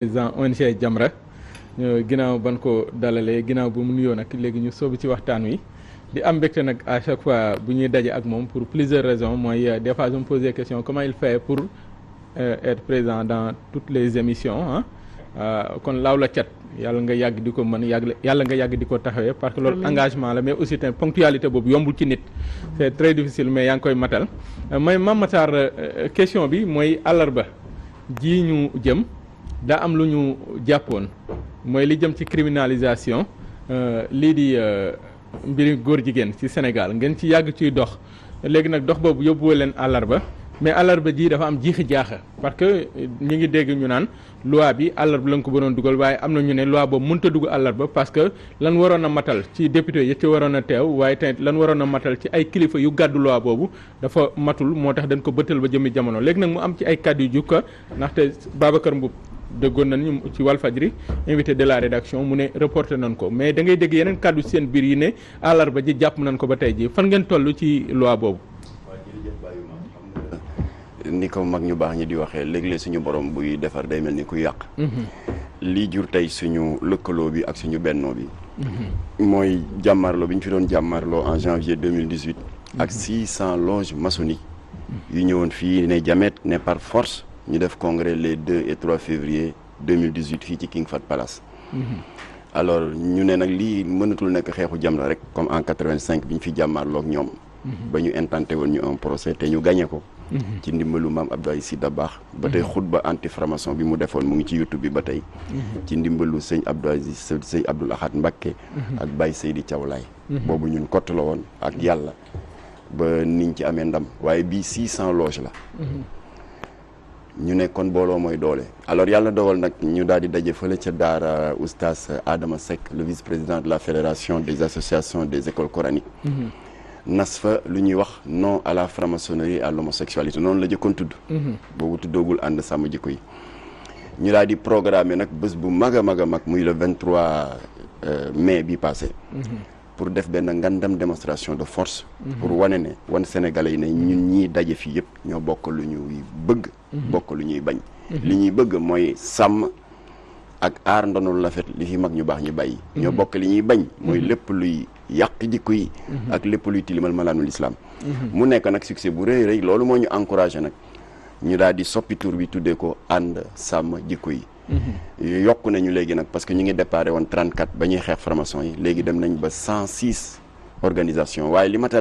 président ONG Jamra euh, ginaaw ban ko dalalé ginaaw bu mu nuyo nak légui ñu soobu ci waxtaan wi di am mbégte nak à chaque fois bu ñuy dajé ak mom pour plusieurs raisons moy euh, des fois je me pose des questions comment il fait pour euh, être présent dans toutes les émissions hein? euh, kon laaw la chat? yàlla nga yag diko ko yalla nga yag diko taxawé parce que loolu engagement la mais aussi une ponctualité bobu yombul ci nit c'est très difficile mais yang koy matal mais Mame Matar question bi moy alarba ji ñu jëm daa am lu ñu jàppoon mooy li jëm ci criminalisation euh, lii di euh, mbiri góor jigéen ci Sénégal ngeen ci yàgg ciy dox léegi nag dox boobu yóbbuwoo leen àllarba mais àllarba ji dafa am jiixi jaaxa parce que euh, ñu ngi dégg ñu naan loi bi àllarba lañ ko bënoon dugal waaye am na ñu ne loi boobu mënut a dugg àllarba parce que lan waroon a matal ci député yi waroon a teew waaye tamit lan waroon a matal ci ay kilifa yu gàddu loi boobu dafa matul moo tax dañ ko bëttal ba jëmi jamono léegi nag mu am ci ay kàddu yu jukka ndaxte Babacar Mboup de nañ ci Wal Walfadjri invité de la rédaction mu reporter nan ko mais da ngay dégg yenen kàddu sen bir yi ne alarba ji japp nan ko ba tay ji fan ngeen tollu ci loi boobu. ni ko mag ñu bax ñi di waxee léeg-léeg suñu borom buy defar day mel ni ku yàq. Mhm. li jur tay suñu lëkkaloo bi ak suñu benno bi. Mhm. mooy jàmmarloo bi fi doon jamarlo en janvier 2018 ak 600 mhm. loges maçonniques. yu ñëwoon fi ne jamet ne par force ñu def congrès les 2 et 3 février 2018 ici ci King Fahd Palace. Mhm. alors ñu ne nag lii mënatul nekk xeexu jàmm rek comme en 85 bi ñu fi jàmmaarloog ñoom. Mhm. ba ñu intenté woon ñu un procès nous ñu gagné ko. Mhm. ci ndimbalu maam Abdoulaye Sy Dabakh ba tey xutba anti franc sur bi mu defoon mu ngi ci youtube bi ba tey. ci ndimbalu sëñ Abdou Aziz sëñ Abdoul Ahad Mbacké ak Baye Seydi Thiawlaay boobu ñun kott la woon ak yàlla ba niñ ci amee ndam waaye bii 600 loges la. ñu ne kon booloo mooy doole alors yàlla dogal nag ñu daal di daje fële ca daara oustaz Adama Seck le vice président de la fédération des associations des écoles coraniques mm-hmm. nas fa lu ñuy wax non à la franc-maçonnerie à l'homosexualité noonu la jëkkoon tudd mm-hmm. boobu tuddoogul ànd sàmm jikko yi ñu daal di programmer nag bés bu mag a mag a mag muy le trois euh, mais bi passé mm-hmm. pour def benn ngandam démonstration de force. Mhm. pour wane ne wan Sénégalais yi ne ñun ñii daje fii yëpp ñoo bokk lu ñuy bëgg. Mhm. bokk lu ñuy bañ. Mhm. li ñuy bëgg mooy sàmm ak aar ndonul lafet li fi mag ñu baax ñu bàyyi. ñoo bokk li ñuy bañ mooy lépp luy yàq jikko yi. ak lépp luy tilimal malaanul islaam. mu nekk nag succès bu rëy rëy loolu moo ñu encouragé nag ñu daal di soppi tur bi tuddee ko ànd sàmm jikko yi. yokk nañu légui nak parce que ñu ngi déparé won 34 bañuy ñuy formation yi légui dem nañ ba 106 organisations waye li ma ta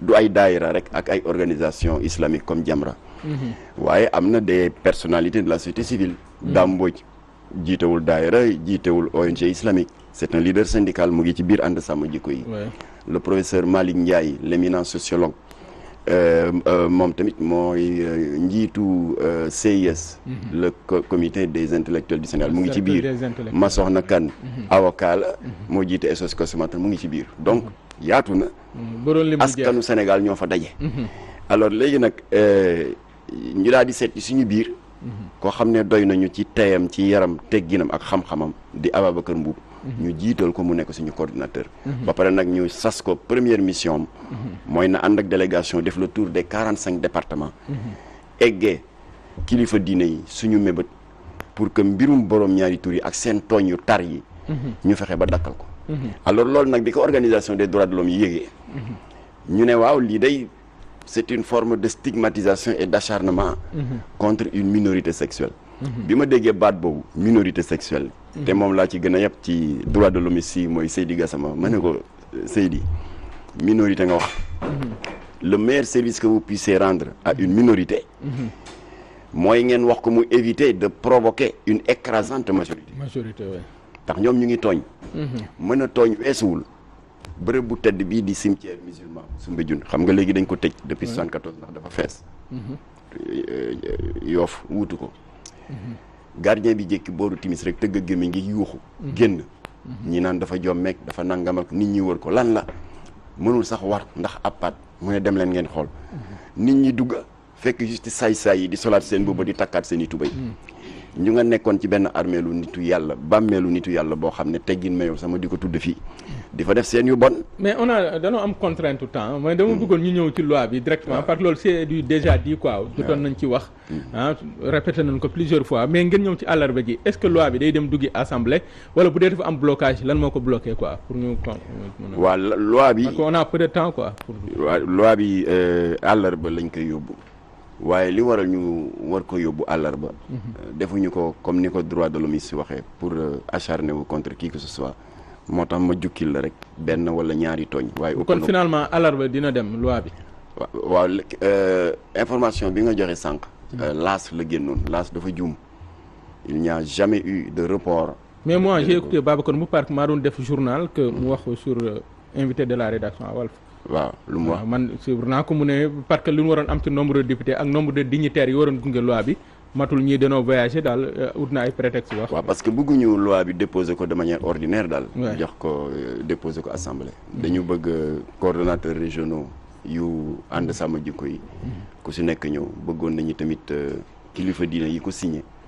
du ay daïra rek ak ay organisation islamique comme Jamra nous avons des personnalités de la société civile damboj jitéwul y a des ONG islamique c'est un leader syndical mu ngi ci biir jikko yi le professeur Malik Ndiaye l'éminent sociologue Euh, euh, moom tamit mooy euh, njiitu CIS. Mm-hmm. le comité des intellectuels du Sénégal mu ngi ci biir ma soxna kan mm-hmm. avocat mm-hmm. moo jiite SOS Consommateur mu ngi ci biir donc yaatu na askanu Sénégal ñoo fa daje alors léegi nag ñu daal di seet ci suñu biir koo xam ne doy nañu ci teyam ci yaram tegginam ak xam-xamam di Ababacar Mbuub Nous dit que nous sommes suñu coordinateur. Mhm. ba pare nag nous sas première mission Nous mhm. avons na une délégation def le tour des 45 départements. Mhm. eggee suñu pour que mbirum borom ñaari tur yi ak seen tooñ yu tar yi. ñu alors nous nag organisation des droits de l'homme yi ne c'est une forme de stigmatisation et d'acharnement. contre une minorité sexuelle je minorité sexuelle. Mhm. té ci droit de l'homicide euh, minorité mhm. le meilleur service que vous puissiez rendre à une minorité. c'est mhm. ngeen wax éviter de provoquer une écrasante majorité. majorité oui. ndax ñu ngi togn bu tedd bii di cimetière musulman l'a xam nga dañ depuis 74 euh, euh, ko. gardien bi jékki booru timis rek tëgg a gémmiñ ngi yuuxu génn mhm. ñi naan dafa jommeeg dafa nangam ak nit ñi wër ko lan la mënul sax war ndax appaat mu ne dem leen ngeen xool mhm. nit ñi dugg fekk juste saay-saay yi di solaat seen booba di takkaat seen i tubéy mhm. ñu nga nekkoon ci benn armeelu nitu yàlla bàmmeelu nitu yàlla boo xam ne teggin mayow sama di ko tudd fii di fa def seen yu bon. mais on a dañoo am contrainte tout temps mais dama bëggoon ñu ñëw ci loi bi directement ah. parce que loolu c'est du déjà dit quoi. Ah. jotoon nañ ci wax. Mm. Ah, répété nañ ko plusieurs fois mais ngeen ñëw ci àllarba gi est-ce que loi bi day dem duggi assemblée wala bu dee dafa am blocage lan moo ko bloqué quoi pour ñu. waaw loi bi. parce on a peu de temps quoi. waaw loi bi euh, àllarba lañ koy yóbbu waaye li waral ñu war ko yóbbu àllarba. Mhm. Euh, defuñu ko comme ni droit de l'homme si pour euh, acharner wu contre qui que ce soit moo tax ma jukkil la rek benn wala ñaari tooñ. waaye kon finalement àllarba dina dem loi bi. waaw euh, information bi nga joxe l'as mhm. l'as la génnoon l'as dafa il n'y a jamais eu de report. mais moi j'ai écouté Babacar Moupark m'a fait def journal que mu wax sur invité de la rédaction à Wolf. waaw lu mu wax man suivre naa ko mu ne parce que li mu waroon am ci nombre député ak nombre de dignitaires yi waroon gunge loi bi matul ñii danoo voyagé daal euh, ut na ay prétexte wax parce que bëgguñu loi bi déposer ko de manière ordinaire daal jox ko euh, déposer ko assemblée dañu bëgg euh, coordonnateurs régionaux yu ànd sama jikko yi mm-hmm. ku si nekk ñëw bëggoon na nañu tamit kilifa diine yi ko signé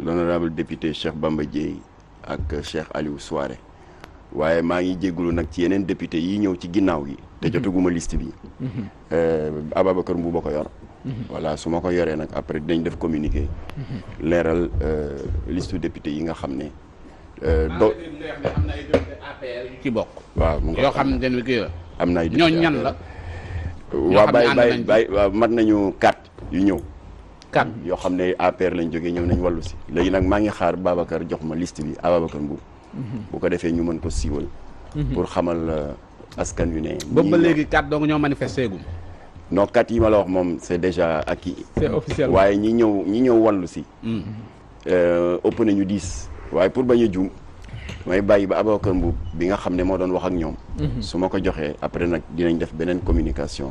l'honorable député Cheikh Bamba Dièye ak Cheikh Aliou soire waaye maa ngi jégalu nag ci yeneen député yi ñëw ci ginnaaw yi te jotaguma liste bi euh, Ababacar Mbuuba ko yor voilà su ma ko yoree nag après dañ def communiqué leeral euh, liste député yi nga xam ne euh, do am na ay député APR yu ci waaw yoo xam ne kii am na ay député ñooñu ñan la waa bàyyi bàyyi bàyyi nañu quatre yu ñëw kan yoo xam ne APR lañ jógee ñëw nañ wàllu si léegi nag maa ngi xaar Babacar jox ma liste bi à Babacar mhm. bu ko defee ñu mën ko siiwal mhm. pour xamal euh, askan wi ne boobu ba léegi kat dong ñoo manifesté gum non kat yi ma la wax moom c'est déjà acquis c'est officiel waaye ñi ñëw ñi ñëw wàllu si mhm. euh, ëpp nañu diis waaye pour bañ a juum may bàyyi ba Ababacar Mbour bi nga xam ne moo doon wax ak ñoom su ma ko joxee après nag dinañ def beneen communication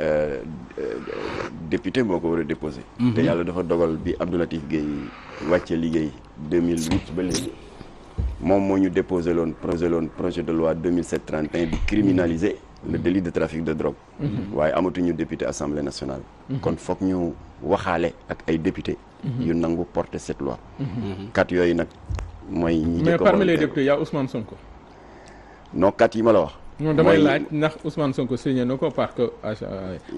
Euh, euh, député moko ko déposer a déposé. Mhm. te yàlla dafa dogal bi Abdou Latif 2008 ba léegi mom le ñu déposé projet lone projet de loi 2007 31 bi criminaliser le délit de trafic de drogue. Mhm. amatu ñu député assemblée nationale. Mhm. kon foog ñu waxaale ak ay député. yu nangu porter cette loi. kat yoy nak moy ñi mais parmi les députés il y a Ousmane Sonko. non kat yi ma la wax. non damay laaj ndax Ousmane Sonko signé na ko parce que ah,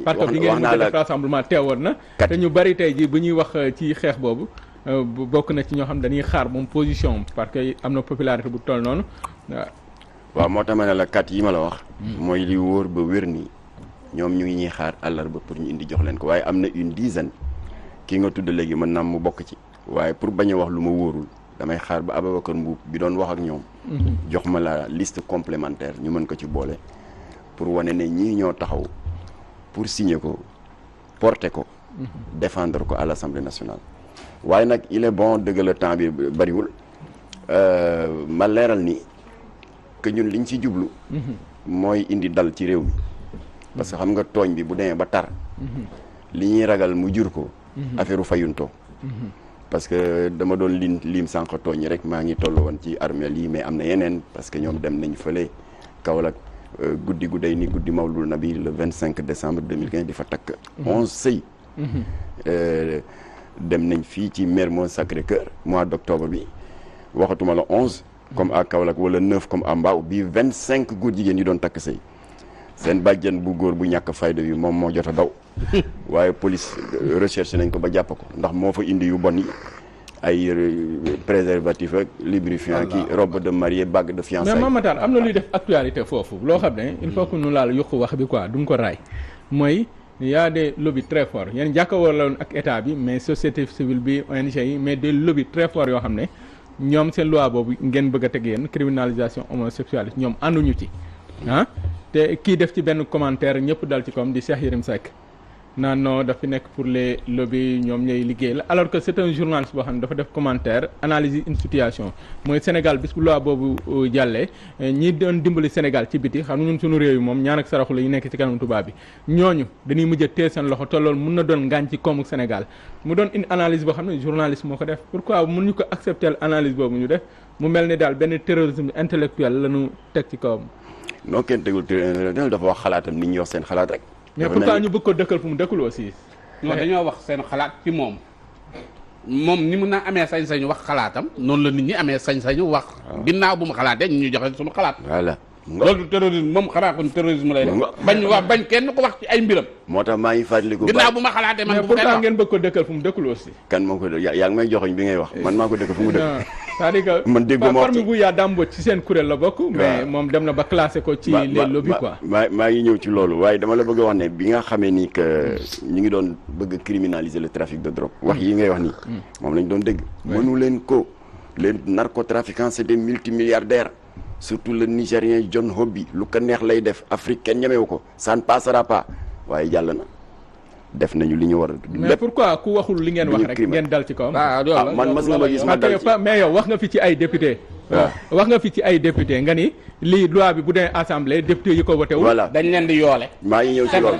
parce que bi ngeen mu def rassemblement teewoon na te ñu bari tey ji bu ñuy wax euh, ci xeex boobu euh, bokk na ci ñoo xam dañuy xaar moom position parce que am na popularité bu toll noonu waaw moo tax ma ne la kat yi ma la wax hmm. mooy li wóor ba wér nii ñoom ñu ngi ñuy xaar àllarba pour ñu indi jox leen ko waaye am na une dizaine ki nga tudd léegi mën naa mu bokk ci waaye pour bañ a wax lu ma wóorul damay xaar ba Ababacar Mbuub bi doon wax ak ñoom mhm. jox ma la liste complémentaire ñu mën ko ci boole pour wane ne ñii ñoo taxaw pour signer ko porter ko mhm. défendre ko à l'Assemblée nationale waaye nag il est bon dëgg le temps bi bariwul euh, ma leeral ni que ñun liñ ci jublu mhm. mooy indi dal ci réew mi parce que xam nga tooñ bi bu demee ba tar li ñuy ragal mu jur ko affaire fayunto fayuntoo parce que dama doon lim lim sànq tooñ rek ma ngi tollu won ci armeel li mais amna yenen parce que ñom dem nañ feulé kaolak euh, goudi gu ni goudi Mawlud Nabi le 25 décembre 2015 difa tak 11 11 euh dem nañ fi ci mon Sacré-Cœur mois d'octobre. bi waxatuma la 11. comme mhm. à kaolak wala 9 comme à Mbao bi 25 góor jigéen yi don tak sëy. seen bàjjen bu góor bu ñàkk fayda bi moom moo jot a daw waaye police euh, recherche nañ ko ba jàpp ko ndax moo fa indi yu bon yi ay euh, préservatif ak lubrifiant ki robe de mariée bague de fiançailles. mais Mamatar am na luy def actualité foofu loo xam ne il faut que ñu laal yuqu wax bi quoi ko raay mooy y a des lobbies très forts yéen jàkkaarloo la woon ak état bi mais société civile bi ONG yi mais des lobbies très forts yoo xam ne ñoom seen loi boobu ngeen bëgg a teg yéen criminalisation yi ñoom ànduñu ci ah te kii def ci benn commentaire ñëpp dal ci comme di Cheikh Yérim Seck naan non dafa nekk pour les lobby ñoom ñooy liggéey la alors que c'est un journaliste boo xam ne dafa def commentaire analyse une situation mooy Sénégal bis bu loi boobu euh, jàllee eh, ñi doon dimbali Sénégal ci biti xam ñun suñu réew yi moom ñaan ak saraxu la ñu nekk ci kanam tubaab bi ñooñu dañuy mujj a téye seen loxo te loolu mun na doon ngaañ ci koomu Sénégal mu doon une analyse boo xam ne journaliste moo ko def pourquoi mun ñu ko accepter analyse boobu ñu def mu mel ni daal benn terrorisme intellectuel la ñu teg ci kawam non kenn tegul tribunal international dafa wax xalaatam nit ñi wax seen xalaat rek. mais pourquoi ñu bëgg ko dëkkal fu mu dëkkul aussi. non dañoo wax seen xalaat ci moom. moom ni mun naa amee sañ-sañu wax xalaatam noonu la nit ñi amee sañ-sañu wax. Ah. ginnaaw bu mu xalaatee ñu joxe suñu xalaat. voilà. loolu terrorisme moom xanaa kon terrorisme lay def bañ wax bañ kenn ko wax ci ay mbiram moo tax maa ngi fàttaliku ginnaaw bu ma xalaatee man bu pourtant ngeen bëgg ko dëkkal fu mu dëkkul aussi kan moo ko yaa ngi may joxoñ bi ngay wax man maa ko dëkk fu mu dëkk c'est-à-dire que man dégg ma parmi bu yaa dàmbot ci seen kuréel la bokk mais moom dem na ba classé ko ci les lobby quoi maa maa ngi ñëw ci loolu waaye dama la bëgg wax ne bi nga ni que ngi doon bëgg criminaliser le trafic de drogue wax yi ngay wax hmm. lañ doon mënu leen ko c'est des multimilliardaires surtout le nigérien John Hobby lu ko neex lay def Afrique kenn ñemewu ko ça ne passera pas waaye jàll na def nañu li ñu war mais pourquoi ku waxul li ngeen wax rek ngeen dal ci kawam ah man mas nga ma gis ma dal ci mais yow wax nga fi ci ay député wax nga fi ci ay député nga ni lii loi bi bu dee assemblée député yi ko voté wul dañ leen di yoole maa ngi ñëw ci loolu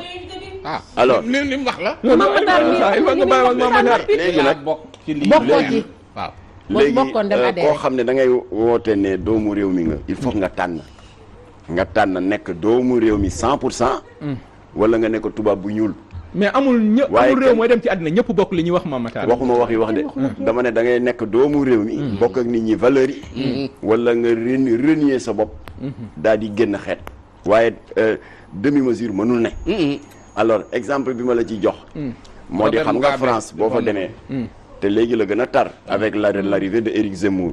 ah alors lim lim wax la mama dar mi nga bàyyi wax mama dar léegi nag bokk ci lii waaw léegi euh, koo xam ne da ngay woote ne doomu réew mi nga il faut nga tànn nga tànn nekk doomu réew mi cent pour cent mm. wala nga nekk tubaab bu ñuul mais amul ñë amul réew mooy dem ci àddina ñëpp bokk li ñuy wax ma Matar waxuma wax yi wax de dama ne dangay nekk doomu réew mi mm. bokk ak nit ñi valeur yi mm. wala nga ren renier sa bopp mm-hmm. daal di génn xeet waaye euh, demi mesure mënul ne mm-hmm. alors exemple bi ma la ciy jox moo di xam nga France boo fa demee Et le la avec l'arrivée de Eric Zemmour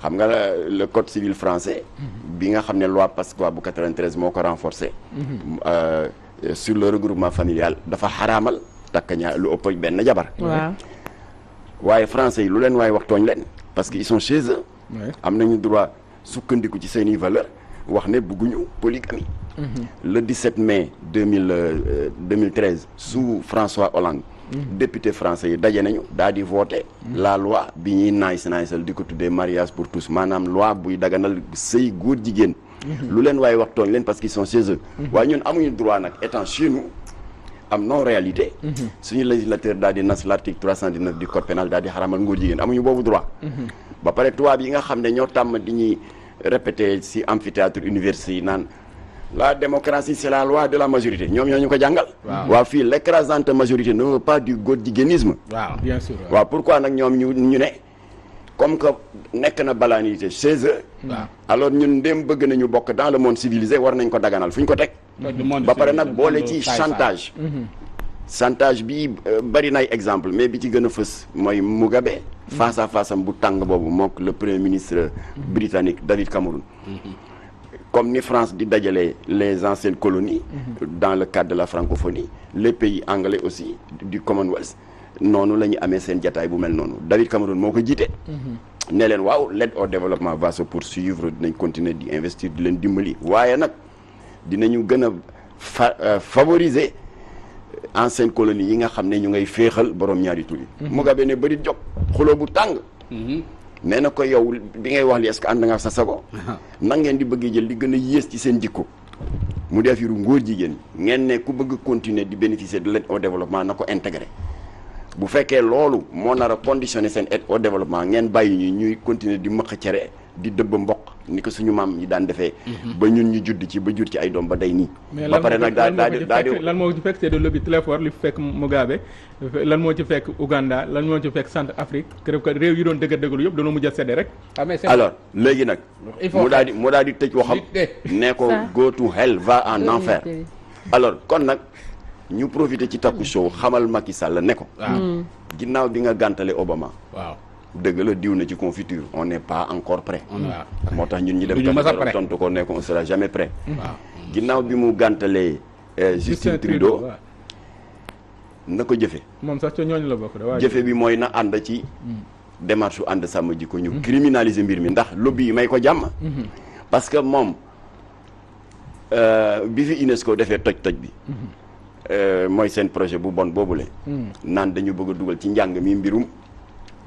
xam nga le code civil français bi nga la loi Pasqua 93 moo ko renforcé euh, sur le regroupement familial dafa Haramal takanya ñaar lu ëpp benn jabar waaye français yi lu Français, waaye wax parce qu'ils sont chez eux ont le droit sukkandiku ci seeni valeur wax ne bëgguñu polygamie mhm. le 17 mai 2000 2013 euh, sous François Hollande député français ont la loi bi nice mariage pour tous manam loi buy daganal sey goor jigen mhm. lu leen way parce qu'ils sont chez eux mhm. waaye ñun amuñu droit nak étant chez nous am non réalité mhm. suñu législateur dadi nas l'article 319 du code pénal di amuñu droit ba paré bi nga xamné si amphithéâtre université la démocratie c'est la loi de la majorité Nous, ñu ko l'écrasante majorité ne pas du godigénisme. pourquoi nous, nous comme que sommes na chez eux. alors ñun dem bëgg nañu dans le monde civilisé war nañ ko daganal fuñ ko tek ba ci chantage. Mhm. chantage bi euh, bari nay exemple mais bi ci gëna Mugabe. Mhm. face à face am bu le premier ministre mhm. britannique David Cameron comme ni France dit d'ailleurs les anciennes colonies. Mhm. dans le cadre de la francophonie. les pays anglais aussi du Commonwealth. David Cameron m'a mhm. l'aide au développement va se poursuivre nous continuer d'investir dans euh, favoriser anciennes colonies nga mais na ko yow bi ngay wax li est-ce que ànd sa sago nan ngeen di bëgg jël li gën a yées ci seen jikko mu def yiru ngóor jigéen ngeen ne ku bëgg continuer di bénéficier de l'aide au développement na ko intégré bu fekkee loolu moo nar a conditionné seen aide au développement ngeen bàyyi ñu ñuy continuer di mëq cere di dëbb mboq ni ko suñu maam yi daan defee. Mhm. ba ñun ñu judd ci ba jur ci ay doom ba day nii. ba pare nag daa daa daa di lan moo ci fekk c'est de lobby très fort li fekk Mugabe lan moo ci fekk Ouganda lan moo ci fekk Centre Afrique réew yi doon dëgg dëggalu yëpp dañoo mujj a sedd rek. Ah, alors léegi nag. mu daal di mu daal di tëj waxam. nee ko go to hell va en enfer. alors kon nag ñu profité ci Taku Show xamal mag Macky Sall ne ko. Ah. Mm. ginnaaw bi nga gàntale Obama waaw. dëgg la diw na ci confiture on n'est pas encore prêt moo tax ñun ñi dem tontu ko nekk on sera jamais prêt ginnaaw bi mu euh, Justin Trudeau nako jëfé mom sax ca ñooñ la bokk de jëfé bi moy na and ci mm. démarche and sama sàmm ji ko ñu mm-hmm. criminaliser mbir mi ndax lobby yi may ko jam mm-hmm. parce que mom euh bi fi UNESCO défé toj toj bi mm-hmm. euh moy sen projet bu bon bobulé mm. naan dañu bëgg a ci njang mi mbirum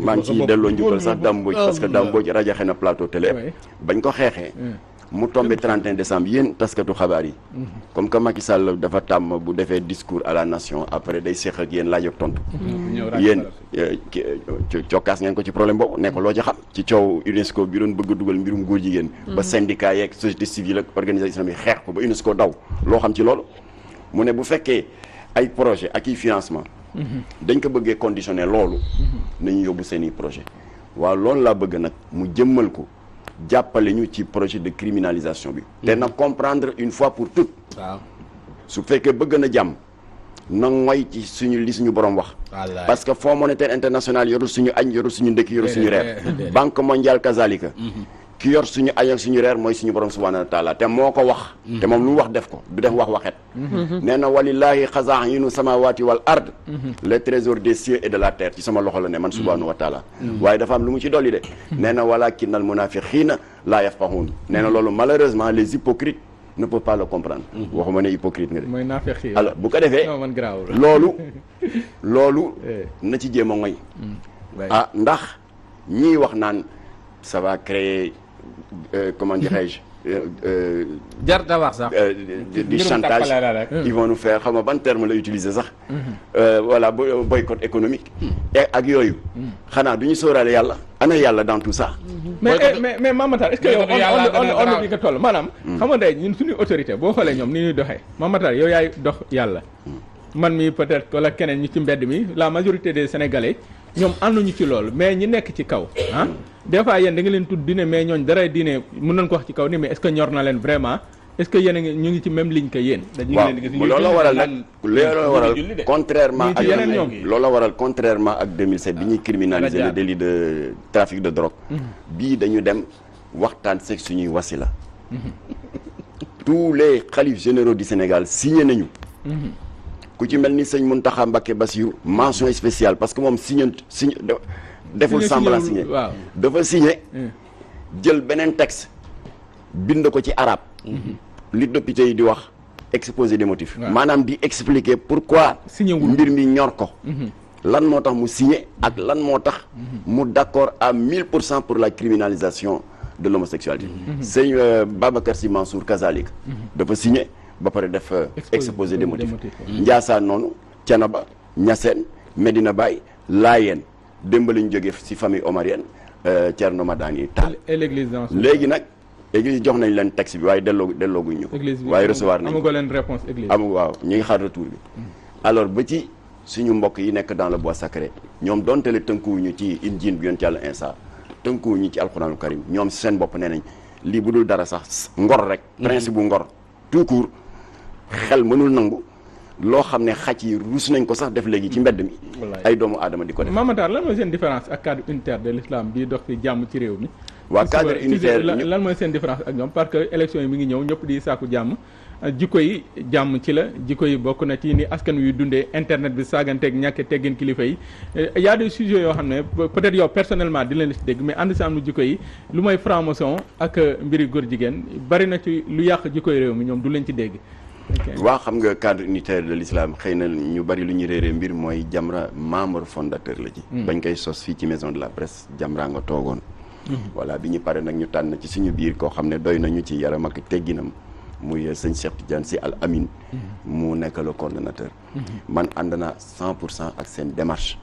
man ci delo delloo sax Dame parce que Dame Mbodj rajaxe plateau télé bañ ko xeexee hmm. mu tombé 31 décembre yéen taskatu xabar yi hmm. comme que Macky Sall dafa tam bu défé discours à la nation après day sékh ak yéen laaj ak tontu ci hmm. euh, euh, cokkaas ngeen ko ci problème boobu ne ko lo ci xam ci ciow UNESCO bi doon bëgg duggal mbirum góor jigéen ba syndicat yeeg société civile ak organisation islamique xeex ko ba UNESCO daw lo xam ci lolu mu ne bu fekkee ay projet ak i financement que ko bëggee conditionné loolu nañu yóbbu projet loolu laa bëgg mu jëmmal ko projet de criminalisation bi mm. comprendre une fois pour toutes su na parce que Fonds monétaire international yorul suñu añ yorul suñu yorul suñu banque mondiale kazalika mm-hmm. ki yor suñu añ suñu reer mooy suñu borom subhanahu wa taala te moo ko wax mm-hmm. te moom lu wax def ko du def wax waxet mm-hmm. nee na walillahi xazaa'inu samawati wal ard mm-hmm. les trésors des cieux et de la terre ci sama loxo la ne man subhanahu wa taala waaye dafa am lu mu ci dolli de nee na walakinnal munafiqina la yafqahun nee na loolu malheureusement les hypocrites ne peut pas le comprendre waxuma ne hypocrite nga de mooy naafeq yi alors bu ko defee man garaawul loolu loolu eh. na ci jéem a ngoy mm. ah ndax ñii wax naan Euh, comment dirais-je euh, euh, jar da wax sax du chantage ils vont nous faire xam nga ban terme la utiliser sax mhm. voilà boycott économique ak yooyu mhm. xanaa duñu ñu yalla ana yalla dans tout ça mhm. mais mais mais Mamatar est-ce que on on on bi ko toll manam xam nga day ñun suñu autorité bo xolé ñom ni ñuy doxé Mamatar yow yaay dox yalla man mi peut-être la keneen ñu ci mbedd mi la majorité des Sénégalais andu ñu ci lool mais ñi nekk ci kaw hein des fois yéen da nga leen tudd diine mais ñooñ dara diine mën nañ ko wax ci kaw ni mais est ce que ñor na leen vraiment est ce que yéen ñu ngi ci même ligne que yéen dañu leen gis loolu waral nag loolu waral contrairement ak yeneen loolu waral contrairement ak 2007 bi ah. criminaliser le délit de trafic de drogue mm-hmm. Bi dañu dem waxtaan seeg suñuy wasila mm-hmm. tous les khalifes généraux du Sénégal signé nañu mm-hmm. ku ci mel ni sëñ Mountakha Mbacké Bassirou mention spéciale parce que moom signé signé deful semblant signé waaw dafa signé eh. jël beneen texte bindo ko ci arabe mhm. li de yi di wax exposé des motifs Madame, di expliquer pourquoi mbir mi ñor ko mhm. lan moo mu lan mhm. d'accord à mille pour la criminalisation de l'homosexualité sëñ euh, Babacar Sy Mansour Kazalik dafa signer. ba pare def euh, exposé des motifs Ndiassane non, Tianaba, Nyasen, Medina Baye Lion. démb lañ jógee ci famille omarienne euh, Thierno Madani Tall. et l'église léegi nag église jox nañ leen texte bi waaye delloo dellooguñ ñu ko. waaye recevoir nañ ko amagu leen réponse église. am waaw ñu ngi xaar retour bi. Hmm. alors ba ci suñu mbokk yi nekk dans le bois sacré ñoom donte le tënkuwuñu ci injiil bi yonent Yàlla Iisaa tënkuwuñu ci alxuraanu karim ñoom seen bopp nee nañ lii bu dul dara sax ngor rek. Hmm. principe bu ngor tout court xel mënul nangu. loo xam ne xaj yi ruus nañ ko sax def léegi ci mbedd mi. ay doomu aadama di ko def. Mame Matar lan mooy seen différence ak cadre unitaire de l'islam bii dox ci jàmm ci réew mi. waa cadre unitaire lan mooy seen différence ak ñoom parce que élection yi mi ngi ñëw ñëpp di sàkku jàmm. Euh, jikko yi ci la jikko yi bokk na ci ni askan wi dundee internet bi saaganteeg ñàkk teggin kilifa yi euh, y a des yoo xam ne peut-être yow personnellement di leen si dégg mais ànd si am jikko yi lu may franc-maçon góor jigéen bari na ci lu yàq jikko yi mi ñoom du leen ci dégg waaw xam nga cadre unitaire de l'islam xëy na ñu bari lu ñu réeree mbir mooy Jamra membre fondateur la ji hmm. bañ koy sos fii ci maison de la presse Jamra nga toogoon. Hmm. voilà bi ñu paree nag ñu tànn ci suñu biir koo xam ne doy nañu ci yaram ak tegginam muy sëñ Cheikh Tidiane Sy Al Amin hmm. mu nekk le coordonnateur. man ànd naa pour cent ak seen démarche.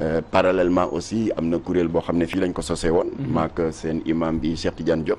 Euh, parallèlement aussi am na kuréel boo xam ne fii lañ ko sosee woon. maak seen imam bi Cheikh Tidiane Diop.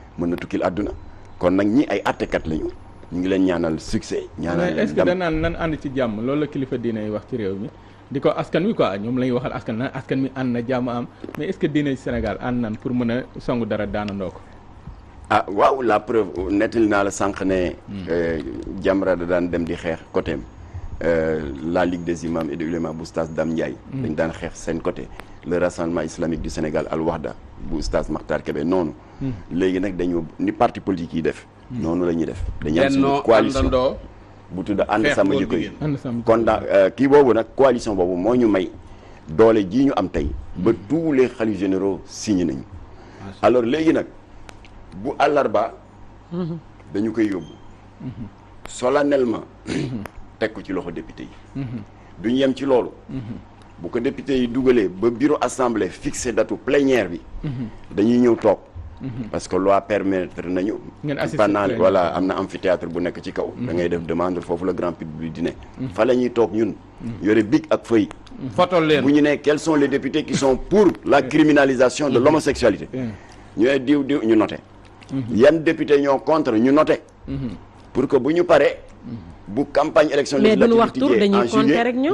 mën na tukkil àdduna kon nag ñi ay àttekat lañu ñu ngi leen ñaanal succès. ñaanal est-ce que danaan nan ànd ci jàmm loolu la kilifa diine wax ci réew mi di ko askan wi quoi ñoom la ñuy waxal askan na askan mi ànd na jàmm am mais est-ce que diine Sénégal ànd nan pour mën a songu dara daanandoo ko. ah waaw la preuve nettali naa la sànq ne. Hmm. Euh, Jamra da daan dem di xeex côté euh, la Ligue des imams et des ulémas bu Oustaz Dame Ndiaye. Hmm. dañ daan xeex seen côté le rassemblement islamique bu Oustaz Makhtar Kébé noonu. léegi nag dañu ni parti politique yi def. noonu la ñuy def. dañu am suñu coalition bu tudd ànd sama jikko yi kon daal euh, kii boobu nag coalition boobu moo ñu may doole jii ñu am tey ba hmm. tous les xalifes généro signé nañu. alors léegi nag bu àllarba. Hmm. dañu koy yóbbu. Hmm. solennellement teg ko ci loxo député yi. duñu yem ci loolu. bu que député yi dugalee ba bureau assemblée fixé datu plénière bi. dañuy ñëw toog. Mhm. parce que loi permettre nañu. ngeen pendant voilà amna amphithéâtre bu nek ci kaw. Mhm. da ngay def demande fofu le grand public di ne. Mhm. fa la ñuy ñun. yoré bic ak feuille. fotol leen bu ñu quels sont les députés qui sont pour la criminalisation de l'homosexualité ñu ay diw diw ñu noté. yan député ñoo contre ñu noté. pour que buñu paré bu campagne élection législative en juillet mais duñu wax tur dañuy compter rek ñu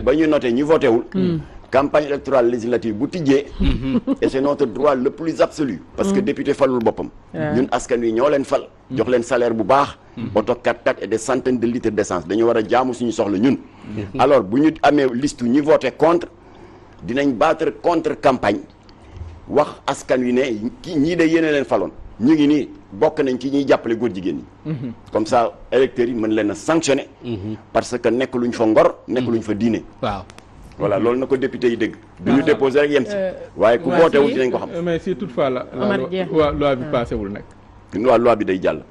ni ba ñu noté ñu voté wul. Hmm. Hmm. campagne électorale législative bu tijé hmm. et c'est notre droit le plus absolu. parce que député falul bopam ñun askan wi ñoo leen fal. jox leen salaire bu baax. auto 4x4 et des centaines de litres d'essence dañu wara jaamu suñu soxla ñun. alors bu ñu amee liste ñi voté contre dinañ battre contre campagne wax askan wi ne de yéene leen falon ñu ngi nii bokk nañ ci ñuy jàppale góor jigéen ñi comme ça électeurs yi mën leen sanctionner parce que nekk luñ fa ngor nekk luñ fa diine waaw voilà loolu na ko député yi dégg du ñu déposé rek yem si waaye ku bootewul dinañ ko xam mais si toutefois la waa loi bi paasewul nag loi loi bi day jàll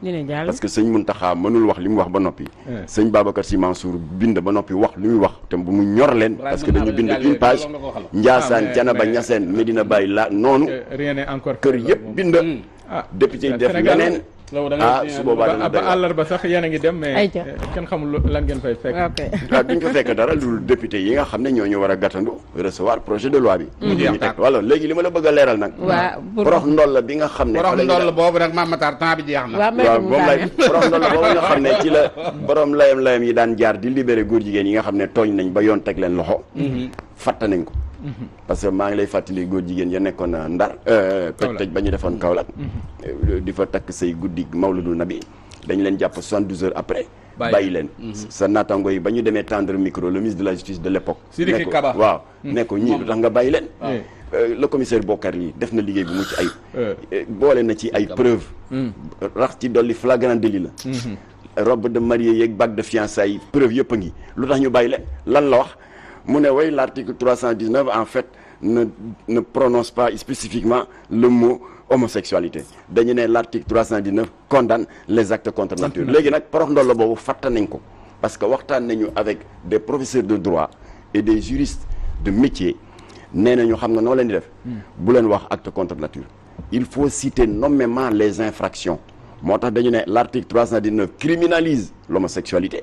parce que sëñ Muntaxa mënul wax li wax ba noppi sëñ Babacar Sy Mansour bind ba noppi wax li wax te bu mu ñor leen parce que dañu bind une page Njaasaan Janaba Ñaseen Medina Baye la noonu kër yëpp bind ah député yi def leneen ah su boobaa dana àllarba sax yéen ngi dem mais kenn xamul lan ngeen fay fekk waaw ah, duñ ko fekk dara lu député yi nga xam ne ñoo ñu war a gàttandu recevoir projet de loi bi ñu teg wala léegi li ma la bëgg a leeral nag waaw porox ndol la bi nga xam ne porox ndol la boobu nag Mamatar temps bi jeex na waaw moom lay porox ndol la boobu nga xam ne ci la borom layam-layam yi daan jaar di libéré goor jigéen yi nga xam ne tooñ nañ ba yoon teg leen loxo mhm. fatt nañ ko parce que maa ngi lay fàttali góor jigéen ya nekkoon ndar. euh toj tej bañu defone Kaolack. Mm-hmm. Euh, di fa tak sey guddi mawludul nabi dañ leen japp 72 heures après. bàyyi leen mm-hmm. sa naataango yi ba demee tendre micro le ministre de la justice de l'époque époque. Sidiki Kaba waaw mm-hmm. ne ñi ñii lu tax nga bàyyi euh, le commissaire Bokar yi def na liggéey bu mucc ay euh. boole na ci ay preuves. Mm. rax ci doli flagrant délit la. robe de mariée yeeg bague de fiançailles preuve yëpp ngi lutax ñu bàyyi leen lan la wax l'article 319 en fait ne ne prononce pas spécifiquement le mot homosexualité l'article 319 condamne les actes contre nature parce que avec des professeurs de droit et des juristes de métier nous xam nga hmm. acte contre nature il faut citer nommément les infractions l'article 319 criminalise l'homosexualité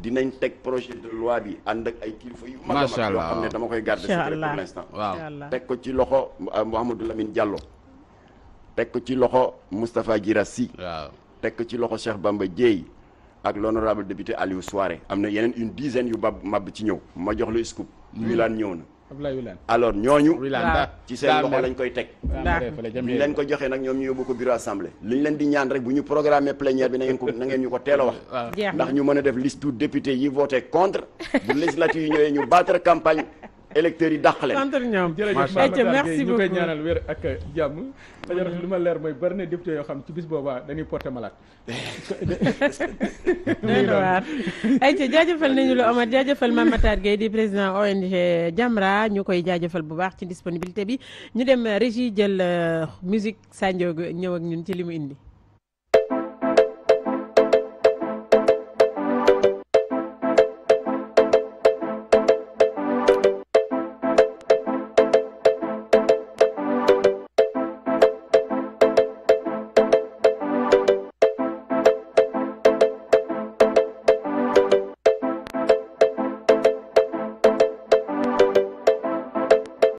dinañ teg projet de loi bi ànd ak ay kilifa yu mag a mag yoo xam ne dama koy garder secret pour l'instant waaw teg ko ci loxo Mouhamadou Lamine Diallo teg ko ci loxo Moustapha Guirassi waaw teg ko ci loxo Cheikh Bamba Dièye ak l'honorable député Aliou Souaré am na yeneen une dizaine yu bab mab ci ñëw ma jox la scoop. Mm. laan ñëw na Abdoulaye Wilane alors ñooñu ci seen loxo lañ koy teg ñu leen ko joxee nag ñoom ñu yóbbu ko bureau assemblée li leen di ñaan rek bu ñu programmé plénière bi na ko na ngeen ñu ko teel wax ndax ñu mën a def liste député yi voté contre bu législative yi ñëwee ñu battre campagne électeurs yi dàq leen. sant ñoom jërëjëf merci beaucoup ñu koy ñaanal wér ak jàmm. jërëjëf lu ma leer mooy bari na député yoo xam ci bis boobaa dañuy porté malade. doy na waar ayca jaajëfal nañu la Omar jaajëfal Mame Matar di président ONG Jamra ñu koy jaajafal bu baax ci disponibilité bi ñu dem régie jël euh, musique Sandiog ñëw ak ñun ci li mu indi.